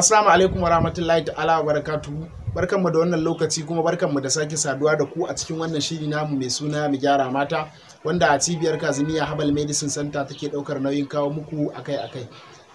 Assalamu alaikum warahmatullahi ta'ala wa barakatu Barkanmu da wannan lokaci kuma barkanmu da sake saduwa da ku a cikin wannan shiri namu mai suna mu gyara mata wanda a cibiyar Kazimiya Habal Medicine Center take daukar nauyin kawo muku akai-akai.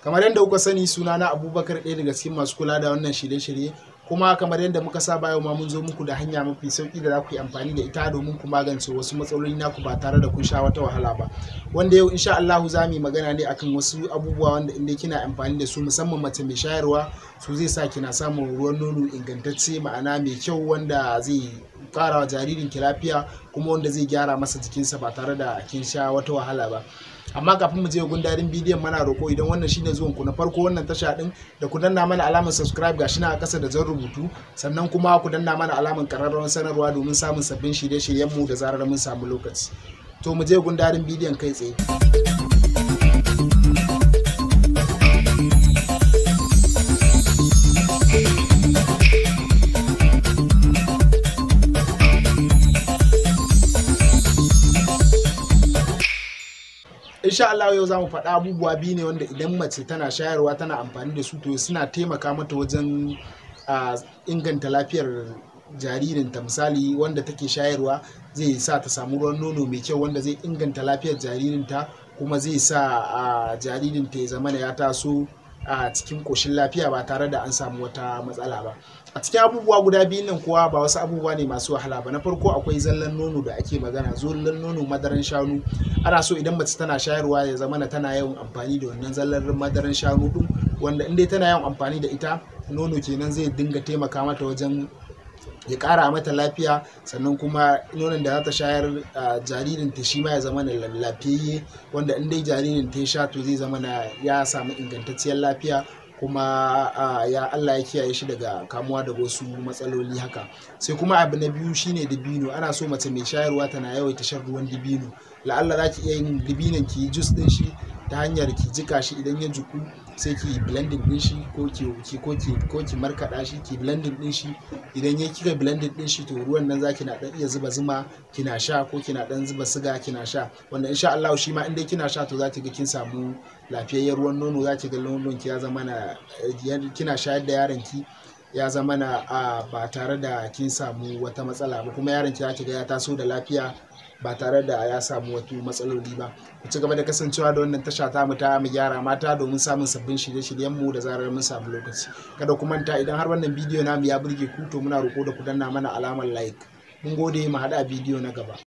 Kamar yadda kuka sani suna na Abubakar ɗaya daga cikin masu kula da wannan shirye-shirye kuma kamar yadda muka saba yau ma mun zo muku da hanya mafi sauki da za ku yi amfani da ita domin ku magance wasu matsaloli naku ba tare da kun sha wata wahala ba wanda yau insha Allah za mu yi magana ne akan wasu abubuwa wanda inda kina amfani da su musamman mace mai shayarwa su zai sa kina samun ruwan nono ingantacce ma'ana mai kyau wanda zai kara wa jaririnki lafiya kuma wanda zai gyara masa jikinsa ba tare da kin sha wata wahala ba amma kafin mu je gundarin bidiyon mana roko idan wannan shine zuwan ku na farko wannan tasha din da ku danna mana alamar subscribe gashi na a ƙasa da zan rubutu sannan kuma ku danna mana alamar ƙararrawar sanarwa domin samun sabbin shirye-shiryen mu da zarar mun samu lokaci to mu je gundarin bidiyon kai tsaye insha Allah yau za mu faɗa abubuwa biyu ne wanda idan mace tana shayarwa tana amfani da su to suna taimaka mata wajen inganta lafiyar jaririnta misali wanda take shayarwa zai sa ta samu ruwan nono mai kyau wanda zai inganta lafiyar jaririnta kuma zai sa jaririnta ya zama ya taso a cikin koshin lafiya ba tare da an samu wata matsala ba a cikin abubuwa guda biyun nan kuwa ba wasu abubuwa ne masu wahala ba na farko akwai zallan nono da ake magana zallan nono madaran shanu ana so idan mace tana shayarwa ya zama na tana yawan amfani da wannan zallan madaran shanu din wanda in dai tana yawan amfani da ita nono kenan zai dinga taimaka mata wajen ya ƙara mata lafiya sannan kuma nonon da za ta shayar jaririnta shi ma ya zama na lafiyayye wanda in dai jaririn ta sha to zai zama na ya samu ingantacciyar lafiya kuma ya Allah ya kiyaye shi daga kamuwa da wasu matsaloli haka sai kuma abu na biyu shine dibino ana so mace mai shayarwa tana yawaita shan ruwan dibino la'alla za ki iya yin dibinon ki yi jus ɗin shi ta hanyar ki jika shi idan ya juku sai ki blending din shi ko ki ki ko ki ko ki markada shi ki blending din shi idan ya kika blending din shi to ruwan nan zaki na dan iya zuba zuma kina sha ko kina dan zuba siga kina sha wanda insha Allah shi ma in dai kina sha to zaki ga kin samu lafiyayyar ruwan nono zaki ga nonon ki ya zama na kina shayar da yaron ki ya zama na ba tare da kin samu wata matsala ba kuma yaron ki ya ki ya taso da lafiya ba tare da ya samu wata matsaloli ba ku ci gaba da kasancewa da wannan tasha ta mu ta mu gyara mata domin samun sabbin shirye-shiryen mu da zarar mun samu lokaci kada ku manta idan har wannan bidiyo mu ya burge ku to muna roko da ku danna mana alamar like mun gode mu hada bidiyo na gaba